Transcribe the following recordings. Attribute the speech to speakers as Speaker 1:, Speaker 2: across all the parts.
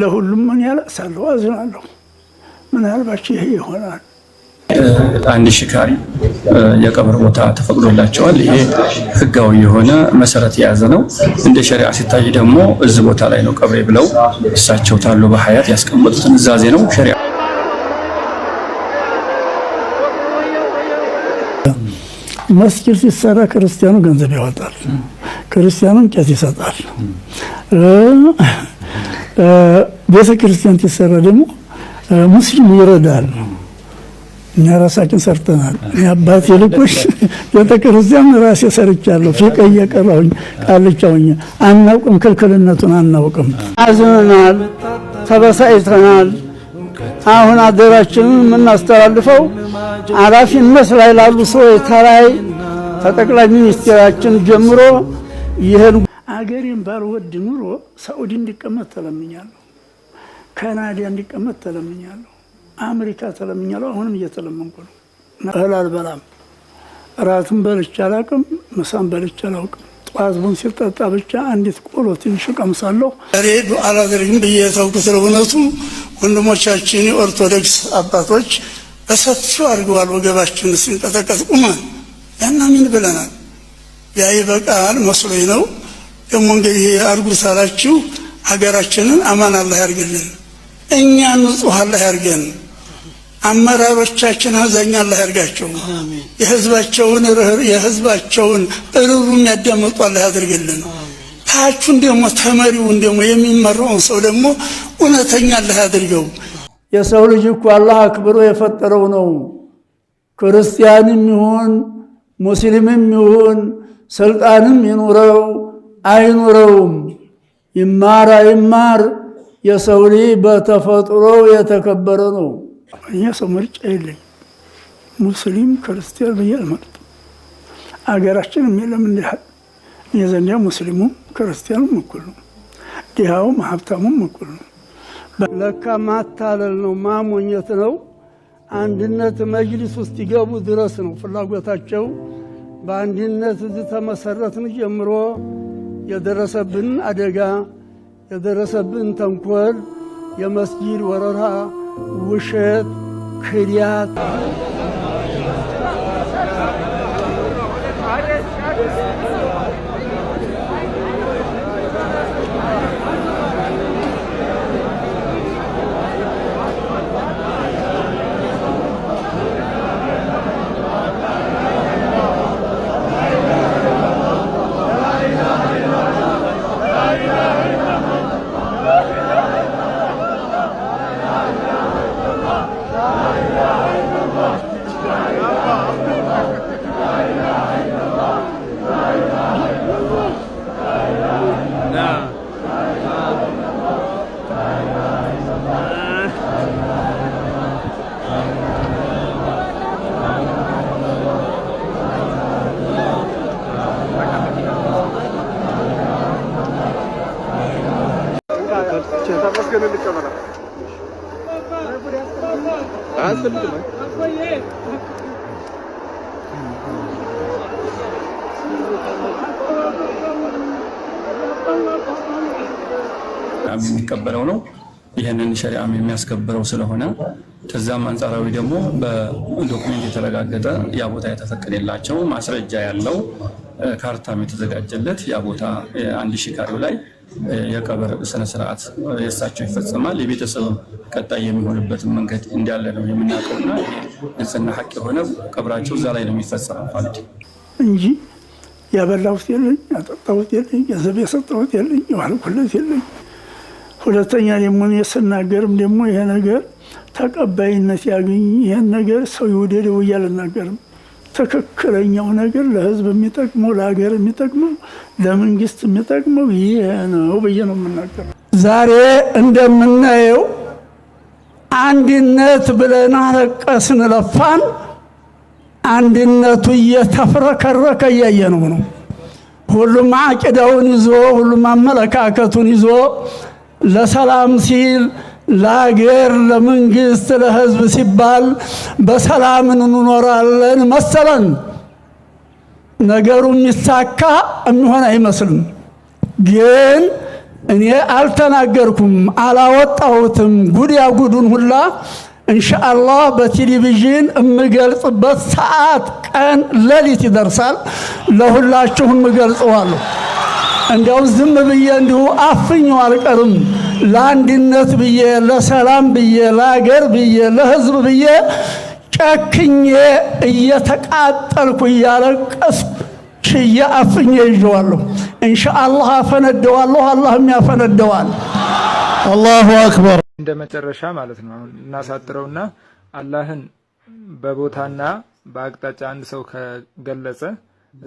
Speaker 1: ለሁሉም ምን ያለቅሳለሁ፣ አዝናለሁ። ምናልባቸው ይሄ ይሆናል።
Speaker 2: አንድ ሺህ ካሬ የቀብር ቦታ ተፈቅዶላቸዋል። ይሄ ህጋዊ የሆነ መሰረት የያዘ ነው። እንደ ሸሪዓ ሲታይ ደግሞ እዚህ ቦታ ላይ ነው ቀብሬ ብለው እሳቸው ታሉ በሀያት ያስቀመጡትን እዛዜ ነው ሸሪዓ። መስጊድ ሲሰራ ክርስቲያኑ ገንዘብ ያወጣል፣ ክርስቲያኑ እንጨት ይሰጣል። ቤተ ክርስቲያን ሲሰራ ደግሞ ሙስሊም ይረዳል። እኛ ራሳችን ሰርተናል። የአባት የልቆሽ ቤተ ክርስቲያን ራሴ ሰርቻለሁ። ፊቀ እየቀራሁኝ ቃልቻውኝ አናውቅም፣ ክልክልነቱን አናውቅም። አዝነናል፣ ተበሳጭተናል። አሁን አደራችንን የምናስተላልፈው ኃላፊነት ላይ ላሉ ሰዎች ተላይ ከጠቅላይ ሚኒስትራችን ጀምሮ ይህን አገሬን ባልወድ ኑሮ ሳዑዲ እንዲቀመጥ ተለምኛለሁ፣ ካናዳ እንዲቀመጥ ተለምኛለሁ፣ አሜሪካ ተለምኛለሁ። አሁንም እየተለመንኩ ነው። እህል አልበላም። እራትም በልቼ አላውቅም። ምሳም በልቼ አላውቅም። ጠዋት ቡና ሲጠጣ ብቻ አንዲት ቆሎ ትንሽ ቀምሳለሁ። ሬ ዱዓ አላደርግም ብዬ የተውኩ እውነቱ ወንድሞቻችን የኦርቶዶክስ አባቶች በሰፊው አድርገዋል። ወገባችን ሲንቀጠቀጥ ቁመን ያናሚን ብለናል። ያ ይበቃል መስሎኝ ነው። ደግሞ እንግዲህ አርጉ ሳላችሁ ሀገራችንን አማን አላህ ያርግልን፣ እኛ ንጹህ አላህ ያርገን፣ አመራሮቻችን አብዛኛ አላህ ያርጋቸው፣ የህዝባቸውን ርህር የህዝባቸውን ርሩ የሚያዳምጡ አላህ ያድርግልን። ታቹን ደግሞ ተመሪውን ደግሞ የሚመራውን ሰው ደግሞ እውነተኛ አላህ ያድርገው። የሰው ልጅ እኮ አላህ አክብሮ የፈጠረው ነው። ክርስቲያንም ይሁን ሙስሊምም ይሁን ስልጣንም ይኑረው አይኑረውም። ይማር አይማር የሰው ልጅ በተፈጥሮ የተከበረ ነው። እኛ ሰው ምርጫ የለኝ ሙስሊም ክርስቲያን ብዬ አልመርጥም። አገራችን የሚለም እንዲል እኔ ዘንዲያ ሙስሊሙም ክርስቲያኑም እኩል ነው። ድሃውም ሀብታሙም እኩል ነው። ለካ ማታለል ነው ማሞኘት ነው። አንድነት መጅሊስ ውስጥ ይገቡ ድረስ ነው ፍላጎታቸው። በአንድነት እዚህ ተመሰረትን ጀምሮ የደረሰብን አደጋ፣ የደረሰብን ተንኮል፣ የመስጂድ ወረራ፣ ውሸት፣ ክዳት ሸሪዓም የሚያስከብረው ስለሆነ ከዛም አንጻራዊ ደግሞ በዶክሜንት የተረጋገጠ ያ ቦታ የተፈቀደላቸው ማስረጃ ያለው ካርታም የተዘጋጀለት ያ ቦታ አንድ ሺህ ካሬው ላይ የቀብር ስነስርዓት የእሳቸው ይፈጸማል። የቤተሰብ ቀጣይ የሚሆንበትን መንገድ እንዳለ ነው የምናውቀውና ንጽህና ሀቅ የሆነ ቀብራቸው እዛ ላይ ነው የሚፈጸመው ማለት እንጂ ያበላሁት የለኝ ያጠጣሁት የለኝ ገንዘብ የሰጠሁት የለኝ የዋልኩለት የለኝ ሁለተኛ ደግሞ እኔ ስናገርም ደግሞ ይሄ ነገር ተቀባይነት ያገኝ ይህን ነገር ሰው ይወደደው ብዬ አልናገርም። ትክክለኛው ነገር ለህዝብ የሚጠቅመው ለሀገር የሚጠቅመው ለመንግስት የሚጠቅመው ይህ ነው ብዬ ነው የምናገር። ዛሬ እንደምናየው አንድነት ብለን አለቀስን ለፋን፣ አንድነቱ እየተፍረከረከ እያየነው ነው። ሁሉም አቂዳውን ይዞ ሁሉም አመለካከቱን ይዞ ለሰላም ሲል ለአገር፣ ለመንግስት፣ ለህዝብ ሲባል በሰላም እንኖራለን መሰለን። ነገሩ የሚሳካ የሚሆን አይመስልም። ግን እኔ አልተናገርኩም፣ አላወጣሁትም። ጉድ ያጉዱን ሁላ እንሻአላህ በቴሌቪዥን የምገልጽበት ሰዓት፣ ቀን፣ ሌሊት ይደርሳል። ለሁላችሁም እገልጸዋለሁ። እንዲያውም ዝም ብዬ እንዲሁ አፍኜው አልቀርም። ለአንድነት ብዬ ለሰላም ብዬ ለአገር ብዬ ለህዝብ ብዬ ጨክኜ እየተቃጠልኩ እያለቀስኩ ሽዬ አፍኜ ይዤዋለሁ። እንሻአላህ አፈነደዋለሁ፣ አላህም ያፈነደዋል። አላሁ አክበር። እንደ መጨረሻ ማለት ነው። አሁን እናሳጥረውና አላህን በቦታና በአቅጣጫ አንድ ሰው ከገለጸ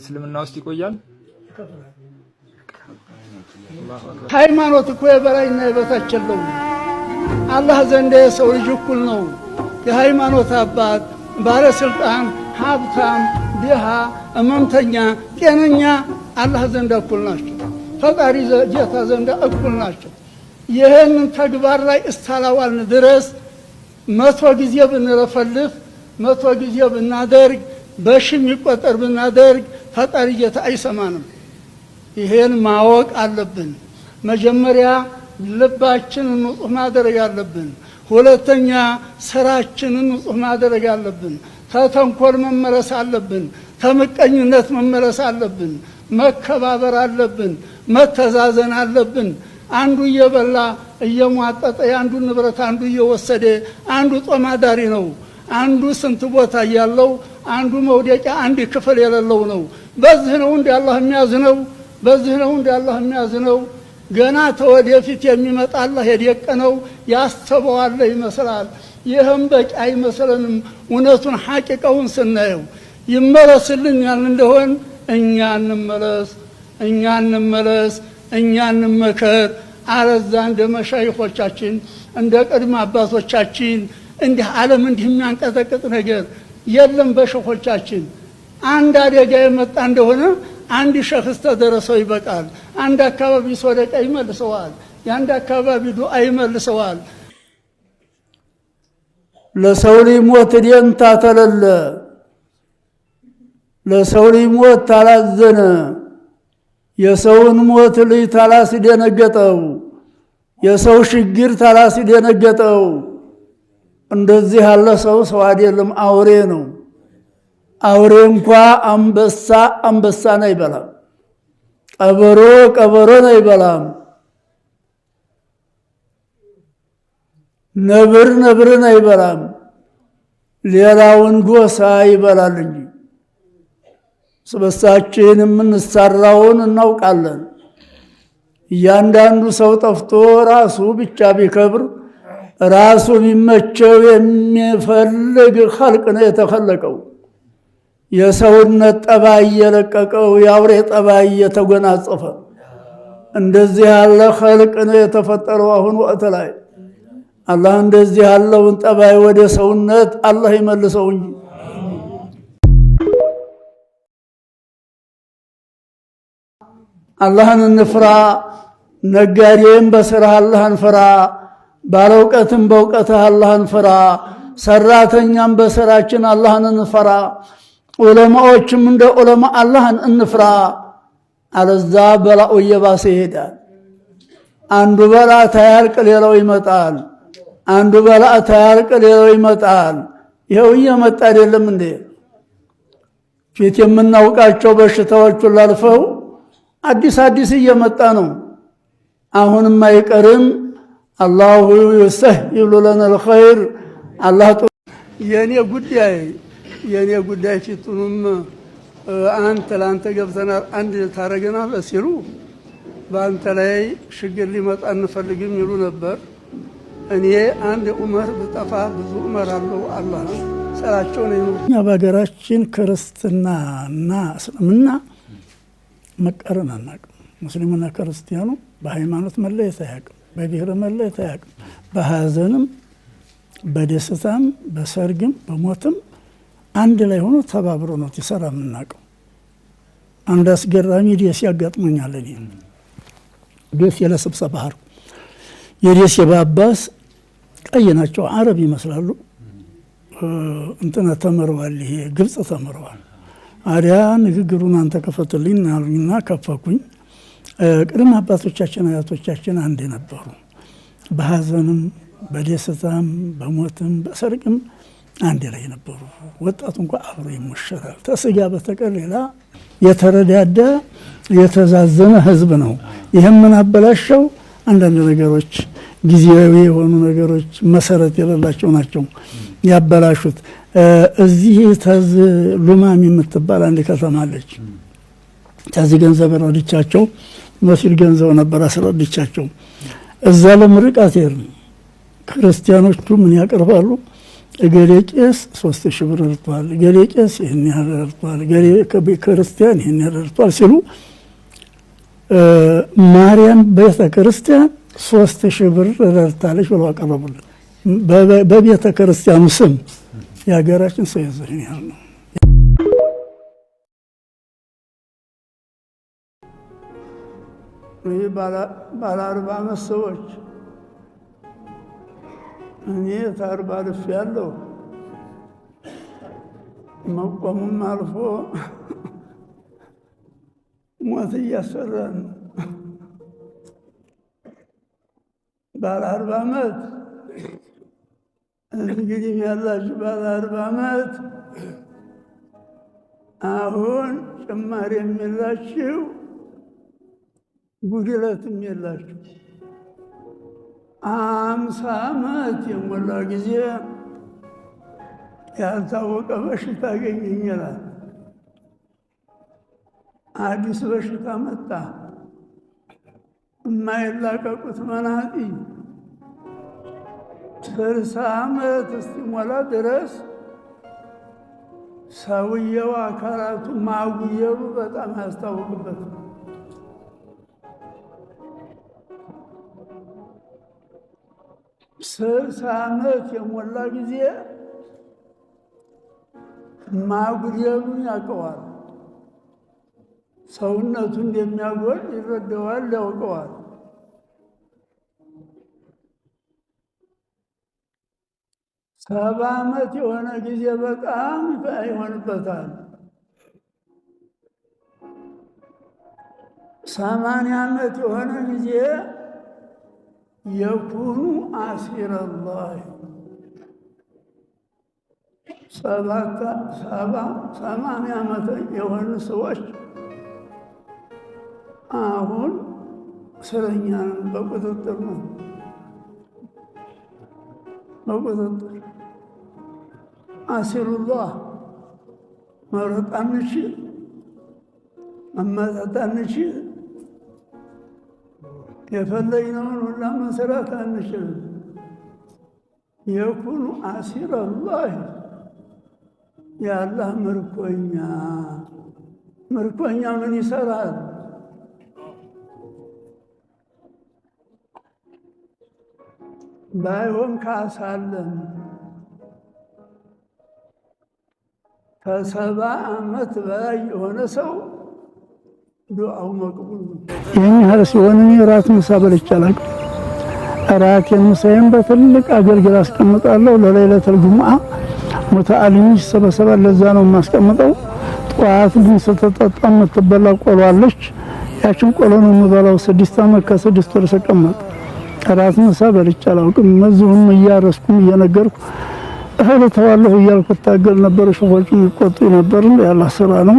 Speaker 2: እስልምና ውስጥ ይቆያል። ሃይማኖት እኮ የበላይና የበታች የለውም። አላህ ዘንድ የሰው ልጅ እኩል ነው። የሃይማኖት አባት፣ ባለሥልጣን፣ ሀብታም፣ ድሃ፣ እመምተኛ፣ ጤነኛ አላህ ዘንዳ እኩል ናቸው። ፈጣሪ ጌታ ዘንዳ እኩል ናቸው። ይህንን ተግባር ላይ እስታላዋልን ድረስ መቶ ጊዜ ብንለፈልፍ መቶ ጊዜ ብናደርግ በሺ የሚቆጠር ብናደርግ ፈጣሪ ጌታ አይሰማንም። ይሄን ማወቅ አለብን። መጀመሪያ ልባችንን ንጹህ ማድረግ አለብን። ሁለተኛ ስራችንን ንጹህ ማድረግ አለብን። ተተንኮል መመለስ አለብን። ተምቀኝነት መመለስ አለብን። መከባበር አለብን። መተዛዘን አለብን። አንዱ እየበላ እየሟጠጠ አንዱ ንብረት አንዱ እየወሰደ አንዱ ጦም አዳሪ ነው። አንዱ ስንት ቦታ ያለው አንዱ መውደቂያ አንድ ክፍል የሌለው ነው። በዚህ ነው እንዲ አላህ የሚያዝነው። በዚህ ነው እንደ አላህ የሚያዝነው። ገና ተወደፊት የሚመጣ አላህ የደቀነው ያሰበዋለ ይመስላል። ይህም በቂ አይመስለንም። እውነቱን ሐቂቀውን ስናየው ይመለስልን ያል እንደሆን እኛ እንመለስ፣ እኛ እንመለስ፣ እኛ እንመከር። አለዛ እንደ መሻይኾቻችን እንደ ቅድመ አባቶቻችን እንዲህ ዓለም እንዲህ የሚያንቀጠቅጥ ነገር የለም። በሸኾቻችን አንድ አደጋ የመጣ እንደሆነ አንድ ሸክስ ተደረሰው ይበቃል። አንድ አካባቢ ሶደቃ ይመልሰዋል። የአንድ አካባቢ ዱዓ ይመልሰዋል። ለሰው ሊሞት ደንታ ተለለ፣ ለሰው ሊሞት ታላዘነ፣ የሰውን ሞት ታላስ ታላስደነገጠው፣ የሰው ሽግር ታላስደነገጠው። እንደዚህ ያለ ሰው ሰው አይደለም፣ አውሬ ነው። አውሬ እንኳ አንበሳ አንበሳን አይበላም። ቀበሮ ቀበሮን አይበላም። ነብር ነብርን አይበላም። ሌላውን ጎሳ ይበላል እንጂ ስበሳችን የምንሰራውን እናውቃለን። እያንዳንዱ ሰው ጠፍቶ ራሱ ብቻ ቢከብር ራሱ ቢመቸው የሚፈልግ ኸልቅ ነው የተፈለቀው። የሰውነት ጠባይ እየለቀቀው የአውሬ ጠባይ እየተጎናጸፈ እንደዚህ ያለ ኸልቅ ነው የተፈጠረው። አሁን ወቅት ላይ አላህ እንደዚህ ያለውን ጠባይ ወደ ሰውነት አላህ ይመልሰው እንጂ አላህን እንፍራ። ነጋዴም በስራህ አላህን ፍራ። ባለእውቀትም በእውቀትህ አላህን ፍራ። ሰራተኛም በስራችን አላህን እንፈራ። ዑለማዎችም እንደ ዑለማ አላህን እንፍራ፣ አለዛ በላኡ እየባሰ ይሄዳል። አንዱ በላ ታያርቅ ሌላው ይመጣል። አንዱ በላ ታያርቅ ሌላው ይመጣል። ይኸው እየመጣ አይደለም እንዴ? ፊት የምናውቃቸው በሽታዎቹን ላልፈው አዲስ አዲስ እየመጣ ነው። አሁንም አይቀርም። አላሁ ይብሉ ለነል ልኸይር አላህ የእኔ ጉዳይ የእኔ ጉዳይ ፊቱንም አንተ ለአንተ ገብተናል አንድ ታረገናል ሲሉ በአንተ ላይ ሽግር ሊመጣ እንፈልግም ይሉ ነበር። እኔ አንድ ዑመር ብጠፋ ብዙ ዑመር አለው አላህ ስራቸው ነው። እኛ በሀገራችን ክርስትና ክርስትናና እስልምና መቀረን አናቅም። ሙስሊምና ክርስቲያኑ በሃይማኖት መለየት አያቅም፣ በብሔር መለየት አያቅም። በሀዘንም በደስታም በሰርግም በሞትም አንድ ላይ ሆኖ ተባብሮ ነው ትሰራ የምናውቀው። አንድ አስገራሚ ደሴ ያጋጥሞኛል። እኔ ደሴ ለስብሰባ ሄድኩ። የደሴ ባባስ ቀይ ናቸው፣ አረብ ይመስላሉ። እንትነ ተምረዋል፣ ይሄ ግብፅ ተምረዋል። አዲያ ንግግሩን አንተ ከፈትልኝ አሉኝና ከፈኩኝ። ቅድም አባቶቻችን አያቶቻችን አንድ ነበሩ። በሀዘንም በደስታም በሞትም በሰርቅም አንድ ላይ ነበሩ። ወጣቱ እንኳ አብሮ ይሞሸራል። ተስጋ በተቀር ሌላ የተረዳዳ የተዛዘነ ህዝብ ነው። ይህም ምን አበላሸው? አንዳንድ ነገሮች ጊዜያዊ የሆኑ ነገሮች መሰረት የሌላቸው ናቸው ያበላሹት። እዚህ ተዝ ሉማም የምትባል አንድ ከተማ አለች። ተዚህ ገንዘብ ረድቻቸው መሲል ገንዘብ ነበር አስረድቻቸው። እዛ ለምርቃት ክርስቲያኖቹ ምን ያቀርባሉ እገሌ ቄስ ሶስት ሺህ ብር ረድቷል፣ እገሌ ቄስ ይህን ያህል ረድቷል፣ እገሌ ክርስቲያን ይህን ያህል ረድቷል ሲሉ ማርያም ቤተ ክርስቲያን ሶስት ሺህ ብር ረድታለች ብለው አቀረቡልን። በቤተ ክርስቲያኑ ስም የሀገራችን ሰው የዘህን ያህል ነው። ይህ ባለ አርባ ዓመት ሰዎች እኔ ታርባ አልፍ ያለው መቆሙም አልፎ ሞት እያሰራ ነው። ባለ አርባ ዓመት እንግዲህ ያላችሁ ባለ አርባ ዓመት አሁን ጭማሪ የሚላችሁ ጉድለትም የላችሁ። አምሳ ዓመት የሞላ ጊዜ ያልታወቀ በሽታ አገኘኝ ይላል። አዲስ በሽታ መጣ። የማይላቀቁት መናጢ ስልሳ ዓመት እስኪሞላ ድረስ ሰውየው አካላቱ ማጉየሩ በጣም ያስታውቅበት ስልሳ ዓመት የሞላ ጊዜ ማጉደሉን ያውቀዋል። ሰውነቱ እንደሚያጎል ይረዳዋል፣ ያውቀዋል። ሰባ ዓመት የሆነ ጊዜ በጣም ይሆንበታል። ሰማንያ ዓመት የሆነ ጊዜ የኩኑ አሲረላህ ሰማንያ ዓመት የሆኑ ሰዎች አሁን እስረኛ ነን፣ በቁጥጥር ነው በቁጥጥር አሲሩላህ መረጣንች መመጣጣንች የፈለግነውን ሁላ መሰራት አንችልም። የኩኑ አሲር አላህ የአላህ ምርኮኛ ምርኮኛ ምን ይሰራል? ባይሆን ካሳለን ከሰባ ዓመት በላይ የሆነ ሰው ይህን ያህል ሲሆን እኔ እራት ምሳ በልቼ አላውቅም። እራቴን ምሳዬን በትልቅ አገልግል አስቀምጣለሁ። ለለይለቱል ጁሙዓ ሙተአሊም ይሰበሰባል። ለዛ ነው የማስቀምጠው። ጠዋት ግን ስትጠጣ የምትበላ ቆሎ አለች። ያችን ቆሎ ነው የምበላው። ስድስት ዓመት ከስድስት ወር ስቀመጥ እራት ምሳ በልቼ አላውቅም። መዝሁም እያረስኩም እየነገርኩ እህል ተዋለሁ እያልኩ እታገል ነበር። ሾፎች የሚቆጡ ነበር። ያላ ስራ ነው።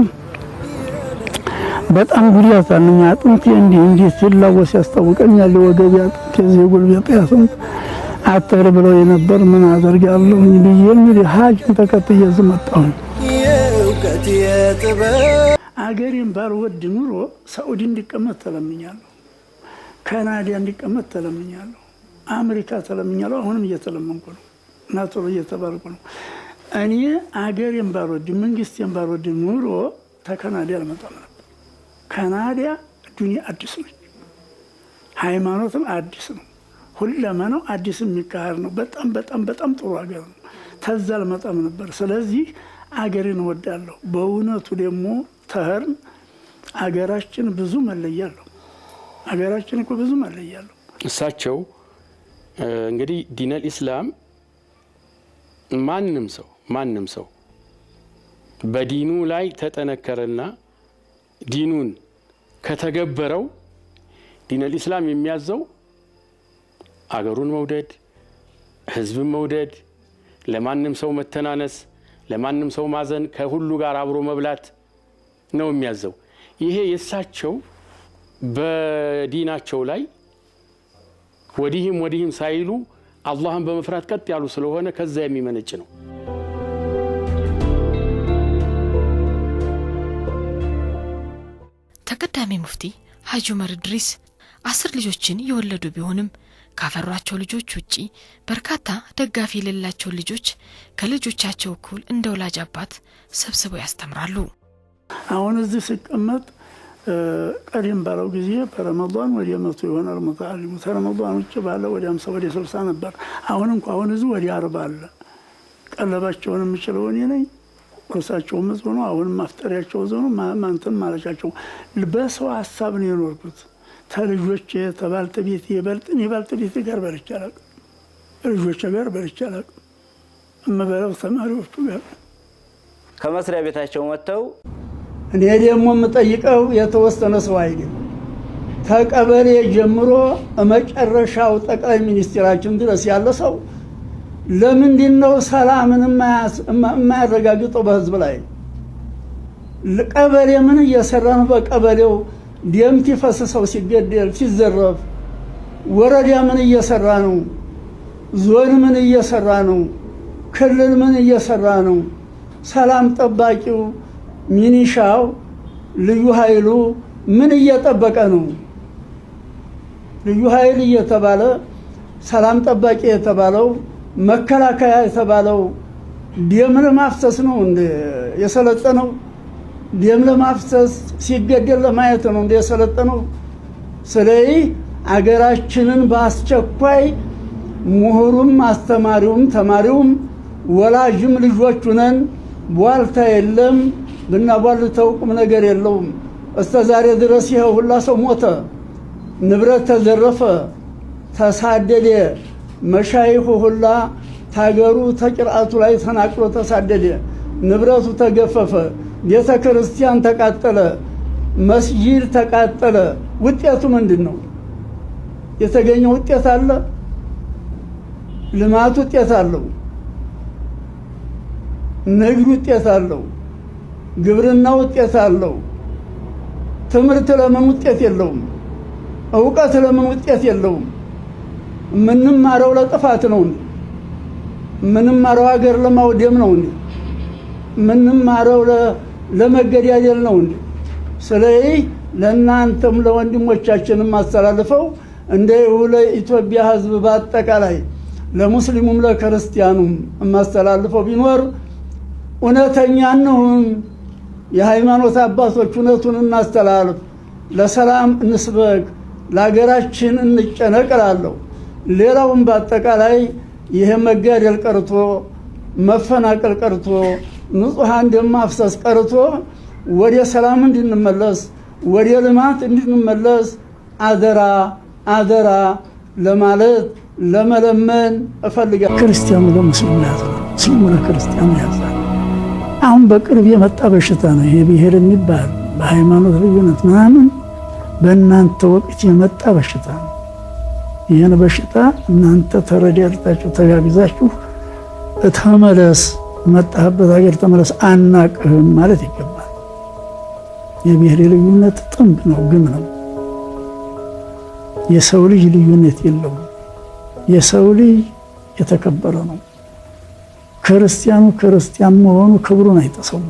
Speaker 2: በጣም ጉድ ያሳምኛ አጥንቴ እንዲህ እንዲህ ሲላወስ ያስታውቀኛል። የወገቤ ያጥንቴ እዚህ የጉልበቴ አጥንት አተር ብለው የነበር ምን አደርጋለሁ ብዬ እንግዲህ ሐኪም ተከትዬ መጣሁኝ። አገሬን ባልወድ ኑሮ ሳዑዲ እንዲቀመጥ ተለምኛለሁ፣ ካናዳ እንዲቀመጥ ተለምኛለሁ፣ አሜሪካ ተለምኛለሁ። አሁንም እየተለመንኩ ነው እና ቶሎ እየተባልኩ ነው። እኔ አገሬን ባልወድ መንግስቴን ባልወድ ኑሮ ተከናዳ አልመጣም ነበር። ከናዲያ ዱኒያ አዲስ ነች፣ ሃይማኖትም አዲስ ነው፣ ሁለመናው አዲስ የሚካሄድ ነው። በጣም በጣም በጣም ጥሩ ሀገር ነው። ተዛ አልመጣም ነበር። ስለዚህ አገሬን እወዳለሁ። በእውነቱ ደግሞ ተህርን አገራችን ብዙ መለያለሁ። አገራችን እኮ ብዙ መለያለሁ። እሳቸው እንግዲህ ዲነል ኢስላም ማንም ሰው ማንም ሰው በዲኑ ላይ ተጠነከረና ዲኑን ከተገበረው ዲነል ኢስላም የሚያዘው አገሩን መውደድ፣ ህዝብን መውደድ፣ ለማንም ሰው መተናነስ፣ ለማንም ሰው ማዘን፣ ከሁሉ ጋር አብሮ መብላት ነው የሚያዘው። ይሄ የእሳቸው በዲናቸው ላይ ወዲህም ወዲህም ሳይሉ አላህን በመፍራት ቀጥ ያሉ ስለሆነ ከዛ የሚመነጭ ነው። ተቀዳሚ ሙፍቲ ሀጂ ዑመር እድሪስ አስር ልጆችን የወለዱ ቢሆንም ካፈሯቸው ልጆች ውጪ በርካታ ደጋፊ የሌላቸውን ልጆች ከልጆቻቸው እኩል እንደ ወላጅ አባት ሰብስበው ያስተምራሉ። አሁን እዚህ ስቀመጥ ቀደም ባለው ጊዜ በረመዷን ወደ መቶ ይሆናል ሙተአሊሙ ውጭ ባለ ወደ አምሳ ወደ ስልሳ ነበር። አሁን እንኳ አሁን እዚህ ወደ አርባ አለ። ቀለባቸውን የምችለው እኔ ነኝ። ኩርሳቸውም እዚሁ ነው። አሁን ማፍጠሪያቸው እዚሁ ነው። ማንትን ማለቻቸው በሰው ሀሳብ ነው የኖርኩት። ተልጆቼ ቤት የበልጥን የባልተ ቤት ጋር በልቼ አላውቅም። ልጆቼ ጋር በልቼ አላውቅም። የምበላው ተማሪዎቹ ጋር ከመስሪያ ቤታቸው መጥተው እኔ ደግሞ የምጠይቀው የተወሰነ ሰው አይደለም ከቀበሌ ጀምሮ መጨረሻው ጠቅላይ ሚኒስትራችን ድረስ ያለ ሰው ለምንድን ነው ሰላምን የማያረጋግጠው በህዝብ ላይ? ቀበሌ ምን እየሰራ ነው? በቀበሌው ደም ሲፈስሰው ሲገደል ሲዘረፍ፣ ወረዳ ምን እየሰራ ነው? ዞን ምን እየሰራ ነው? ክልል ምን እየሰራ ነው? ሰላም ጠባቂው ሚኒሻው፣ ልዩ ኃይሉ ምን እየጠበቀ ነው? ልዩ ኃይል እየተባለ ሰላም ጠባቂ የተባለው መከላከያ የተባለው ደም ለማፍሰስ ነው። እንደ የሰለጠነው ደም ለማፍሰስ ሲገደል ለማየት ነው እንደ የሰለጠነው። ስለዚህ አገራችንን በአስቸኳይ ምሁሩም፣ አስተማሪውም፣ ተማሪውም ወላጅም ልጆች ቧልታ የለም ብናቧልተው ቁም ነገር የለውም። እስከ ዛሬ ድረስ ይኸው ሁላ ሰው ሞተ፣ ንብረት ተዘረፈ፣ ተሳደደ። መሻይሁ ሁላ ታገሩ ተቅርአቱ ላይ ተናቅሎ ተሳደደ፣ ንብረቱ ተገፈፈ፣ ቤተ ክርስቲያን ተቃጠለ፣ መስጂድ ተቃጠለ። ውጤቱ ምንድን ነው? የተገኘ ውጤት አለ? ልማት ውጤት አለው። ንግድ ውጤት አለው። ግብርና ውጤት አለው። ትምህርት ለምን ውጤት የለውም? እውቀት ለምን ውጤት የለውም? የምንማረው ለጥፋት ነው እንዴ? የምንማረው ሀገር ለማውደም ነው እንዴ? የምንማረው ለመገዳደል ነው እንዴ? ስለዚህ ለእናንተም ለወንድሞቻችንም አስተላልፈው እንደ ለኢትዮጵያ ሕዝብ በአጠቃላይ ለሙስሊሙም ለክርስቲያኑም የማስተላልፈው ቢኖር እውነተኛ ነውን የሃይማኖት አባቶች እውነቱን እናስተላልፍ፣ ለሰላም እንስበክ፣ ለሀገራችን እንጨነቅላለሁ። ሌላውም በአጠቃላይ ይሄ መጋደል ቀርቶ መፈናቀል ቀርቶ ንጹሐን ደም ማፍሰስ ቀርቶ ወደ ሰላም እንድንመለስ ወደ ልማት እንድንመለስ አደራ አደራ ለማለት ለመለመን እፈልጋለሁ። ክርስቲያኑ ለሙስሊሙ ያዝናል፣ ሙስሊሙ ያዝናል። አሁን በቅርብ የመጣ በሽታ ነው ይሄ ብሔር የሚባል በሃይማኖት ልዩነት ምናምን በእናንተ ወቅት የመጣ በሽታ ነው። ይህን በሽታ እናንተ ተረዳድታችሁ ተጋግዛችሁ ተመለስ፣ መጣህበት ሀገር ተመለስ፣ አናቅህም ማለት ይገባል። የብሔር ልዩነት ጥንብ ነው፣ ግም ነው። የሰው ልጅ ልዩነት የለውም። የሰው ልጅ የተከበረ ነው። ክርስቲያኑ ክርስቲያን መሆኑ ክብሩን አይጠሰውም።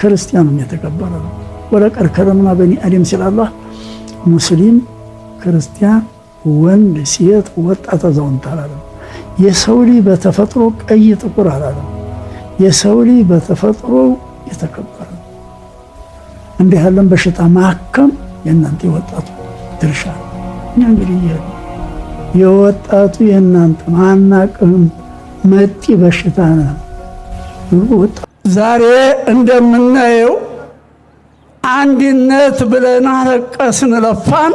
Speaker 2: ክርስቲያኑም የተከበረ ነው። ወለቀድ ከረምና በኒ አደም ሲል አላህ ሙስሊም ክርስቲያን ወንድ፣ ሴት፣ ወጣት፣ አዛውንት አላለም። የሰው ልጅ በተፈጥሮ ቀይ፣ ጥቁር አላለም። የሰው ልጅ በተፈጥሮ የተከበረ ነው። እንዲህ ያለን በሽታ ማከም የእናንተ የወጣቱ ድርሻ ነው። እኛ እንግዲህ የወጣቱ የእናንተ ማናቅም መጤ በሽታ ነው። ዛሬ እንደምናየው አንድነት ብለን አለቀስን ለፋን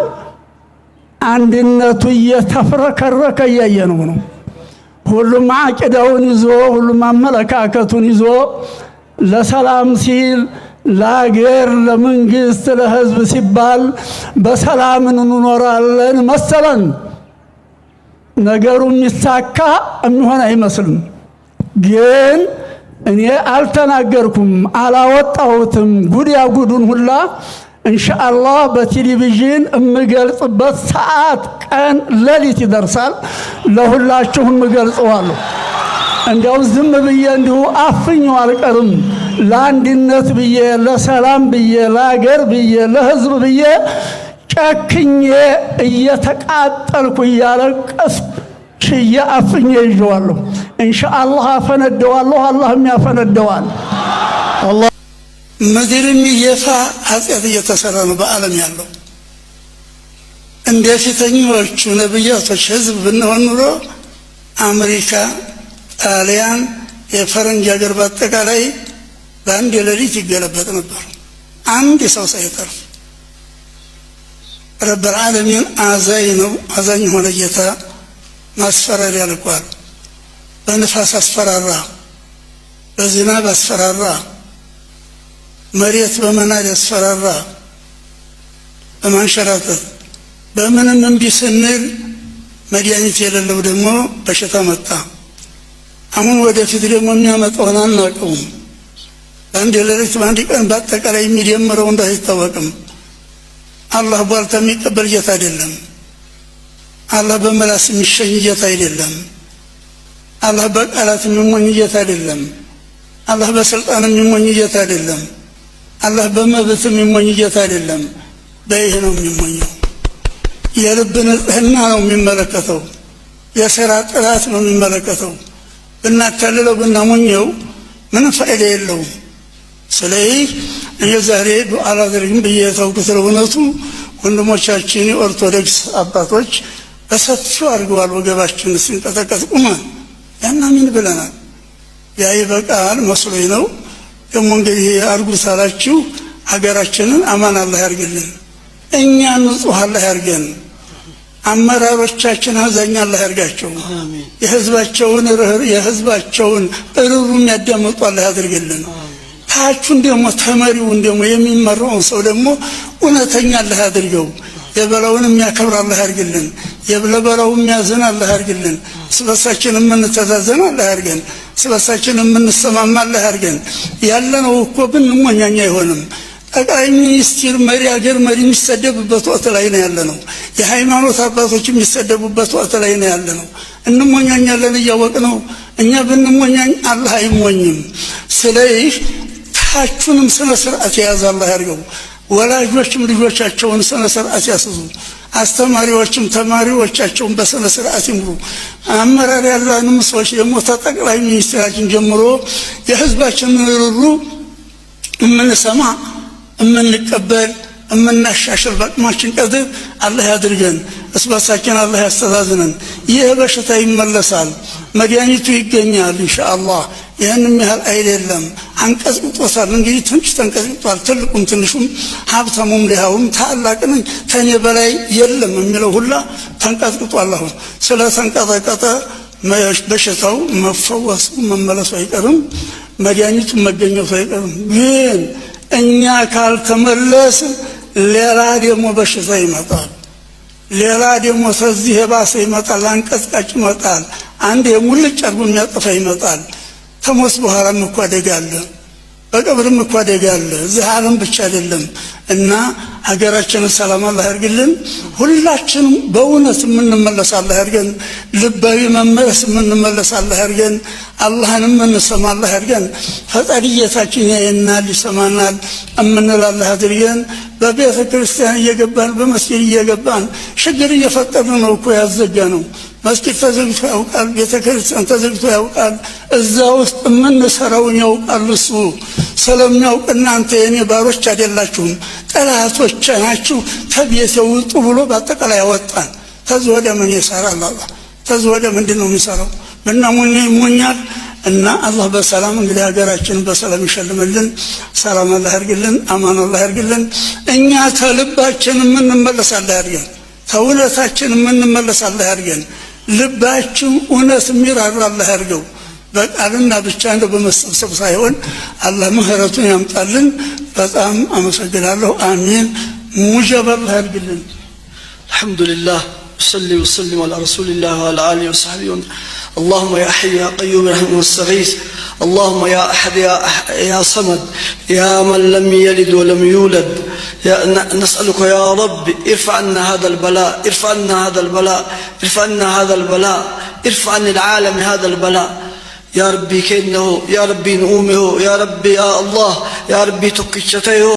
Speaker 2: አንድነቱ እየተፍረከረከ እያየ ነው ነው ሁሉም አቂዳውን ይዞ ሁሉም አመለካከቱን ይዞ ለሰላም ሲል ለአገር፣ ለመንግስት፣ ለህዝብ ሲባል በሰላም እንኖራለን መሰለን። ነገሩ የሚሳካ የሚሆን አይመስልም። ግን እኔ አልተናገርኩም፣ አላወጣሁትም ጉድ ያጉዱን ሁላ እንሻአላህ በቴሌቪዥን የምገልጽበት ሰዓት፣ ቀን፣ ሌሊት ይደርሳል። ለሁላችሁም እገልጸዋለሁ። እንዲያው ዝም ብዬ እንዲሁ አፍኙ አልቀርም። ለአንድነት ብዬ፣ ለሰላም ብዬ፣ ለአገር ብዬ፣ ለህዝብ ብዬ ጨክኜ እየተቃጠልኩ እያለቀስኩ ችዬ አፍኜ ይዤዋለሁ። እንሻአላህ አፈነደዋለሁ። አላህም ያፈነደዋል። ምድር የሚገፋ ኃጢአት እየተሰራ ነው በዓለም ያለው። እንደ ፊተኞቹ ነብያቶች ህዝብ ብንሆን ኑሮ አሜሪካ፣ ጣሊያን፣ የፈረንጅ ሀገር በአጠቃላይ በአንድ ሌሊት ይገለበጥ ነበር፣ አንድ ሰው ሳይተርፍ። ረብል ዓለሚን አዛኝ ነው። አዛኝ የሆነ ጌታ ማስፈራሪያ ልኳል። በንፋስ አስፈራራ፣ በዝናብ አስፈራራ መሬት በመናድ ያስፈራራ፣ በማንሸራተት በምንም እምቢ ስንል መድኃኒት የሌለው ደግሞ በሽታ መጣ። አሁን ወደፊት ደግሞ የሚያመጣውን አናውቀውም። በአንድ ሌሊት በአንድ ቀን በአጠቃላይ የሚደምረው እንዳይታወቅም አላህ ቧልታ የሚቀበል ጌታ አይደለም። አላህ በመላስ የሚሸኝ ጌታ አይደለም። አላህ በቃላት የሚሞኝ ጌታ አይደለም። አላህ በስልጣን የሚሞኝ ጌታ አይደለም። አላህ በመብት የሚሞኝ ጌታ አይደለም። በይህ ነው የሚሞኘው። የልብ ንጽህና ነው የሚመለከተው። የስራ ጥራት ነው የሚመለከተው። ብናታልለው ብናሞኘው ምንም ፋይዳ የለውም። ስለዚህ እኔ ዛሬ ዱዓ አላደርግም ብዬ የተውኩት ለእውነቱ ወንድሞቻችን የኦርቶዶክስ አባቶች በሰፊው አድርገዋል። ወገባችን ሲንቀጠቀጥ ቁማል ያናምን ብለናል። ያ ይበቃል መስሎኝ ነው። ደግሞ እንግዲህ አርጉ ሳላችሁ ሀገራችንን አማን አላህ ያርግልን፣ እኛ ንጹህ አላህ ያርገን፣ አመራሮቻችን አብዛኛ አላህ ያርጋቸው፣ የህዝባቸውን ርህር የህዝባቸውን እርሩ የሚያዳምጡ አላህ ያድርግልን። ታቹን ደግሞ ተመሪውን ደግሞ የሚመራውን ሰው ደግሞ እውነተኛ አላህ ያድርገው። የበለውን የሚያከብር አላህ ያርግልን። የለበለው የሚያዝን አላህ ያርግልን። ስበሳችን የምንተዛዘን አላህ ያርገን። ስበሳችን የምንሰማማ አላህ ያርገን። ያለነው እኮ ብንሞኛኛ አይሆንም። ጠቅላይ ሚኒስትር መሪ አገር መሪ የሚሰደብበት ወቅት ላይ ነው ያለነው። የሃይማኖት አባቶች የሚሰደቡበት ወቅት ላይ ነው ያለነው። እንሞኛኛለን እያወቅ ነው እኛ ብንሞኛኝ አላህ አይሞኝም። ስለዚህ ታችሁንም ስነ ስርዓት የያዘ አላህ ያርገው። ወላጆችም ልጆቻቸውን ስነ ስርዓት ያስዙ፣ አስተማሪዎችም ተማሪዎቻቸውን በስነ ስርዓት ይምሩ። አመራር ያለንም ሰዎች ደግሞ ጠቅላይ ሚኒስትራችን ጀምሮ የህዝባችን ርሩ እምንሰማ እምንቀበል እምናሻሽል በአቅማችን ቀድር አላህ ያድርገን። እስበሳችን አላህ ያስተዛዝነን። ይህ በሽታ ይመለሳል፣ መድኃኒቱ ይገኛል እንሻ አላህ። ይህንም ያህል አይደለም፣ አንቀጽቅጦታል። እንግዲህ ትንሽ ተንቀጽቅጧል። ትልቁም ትንሹም፣ ሀብታሙም ድሃውም፣ ታላቅን ከኔ በላይ የለም የሚለው ሁላ ተንቀጥቅጧል። አሁን ስለ ተንቀጠቀጠ በሽታው መፈወሱ መመለሱ አይቀርም፣ መድኃኒቱ መገኘቱ አይቀርም። ግን እኛ ካልተመለስ ሌላ ደግሞ በሽታ ይመጣል። ሌላ ደግሞ ከዚህ የባሰ ይመጣል። አንቀጽቃጭ ይመጣል። አንድ የሙልጭ አድርጎ የሚያጠፋ ይመጣል። ከሞት በኋላም እኮ አደጋ አለ፣ በቀብርም እኮ አደጋ አለ። እዚህ ዓለም ብቻ አይደለም እና ሀገራችንን ሰላም አላህ ያርግልን። ሁላችንም በእውነት የምንመለስ አላህ ያርገን። ልባዊ መመለስ የምንመለስ አላህ ያርገን። አላህን የምንሰማ አላህ ያርገን። ፈጣሪየታችን ያየናል፣ ይሰማናል እምንል አላህ አድርገን። በቤተ ክርስቲያን እየገባን በመስጊድ እየገባን ችግር እየፈጠርን ነው እኮ ያዘጋ ነው። መስጊድ ተዘግቶ ያውቃል። ቤተ ክርስቲያን ተዘግቶ ያውቃል። እዛ ውስጥ የምንሰራውን ያውቃል እሱ ስለሚያውቅ እናንተ የኔ ባሮች አይደላችሁም ጠላቶች ጨናችሁ ከቤት ውጡ ብሎ በአጠቃላይ ያወጣን። ከዚህ ወደ ምን ይሰራል? አላ ከዚህ ወደ ምንድን ነው የሚሰራው? ምና ሙኝ ይሞኛል እና አላህ በሰላም እንግዲህ ሀገራችን በሰላም ይሸልምልን፣ ሰላም አላ ያርግልን፣ አማን አላ ያርግልን። እኛ ተልባችን የምንመለስ አላ ያርገን፣ ተውለታችን የምንመለስ አላህ ያርገን። ልባችሁ እውነት የሚራራ አላህ ያርገው። በቃልና ብቻ እንደው በመሰብሰብ ሳይሆን አላህ ምህረቱን ያምጣልን። በጣም አመሰግናለሁ። አሚን። ሙጀበር ያድርግልን። አልሐምዱሊላህ صل وسلم على رسول الله وعلى اله وصحبه اللهم يا حي يا قيوم يا مستغيث اللهم يا احد يا يا صمد يا من لم يلد ولم يولد يا نسالك يا رب ارفع عنا هذا البلاء ارفع عنا هذا البلاء ارفع عنا هذا البلاء ارفع عن العالم هذا البلاء يا ربي كنه يا ربي نؤمه يا ربي يا الله يا ربي تقشته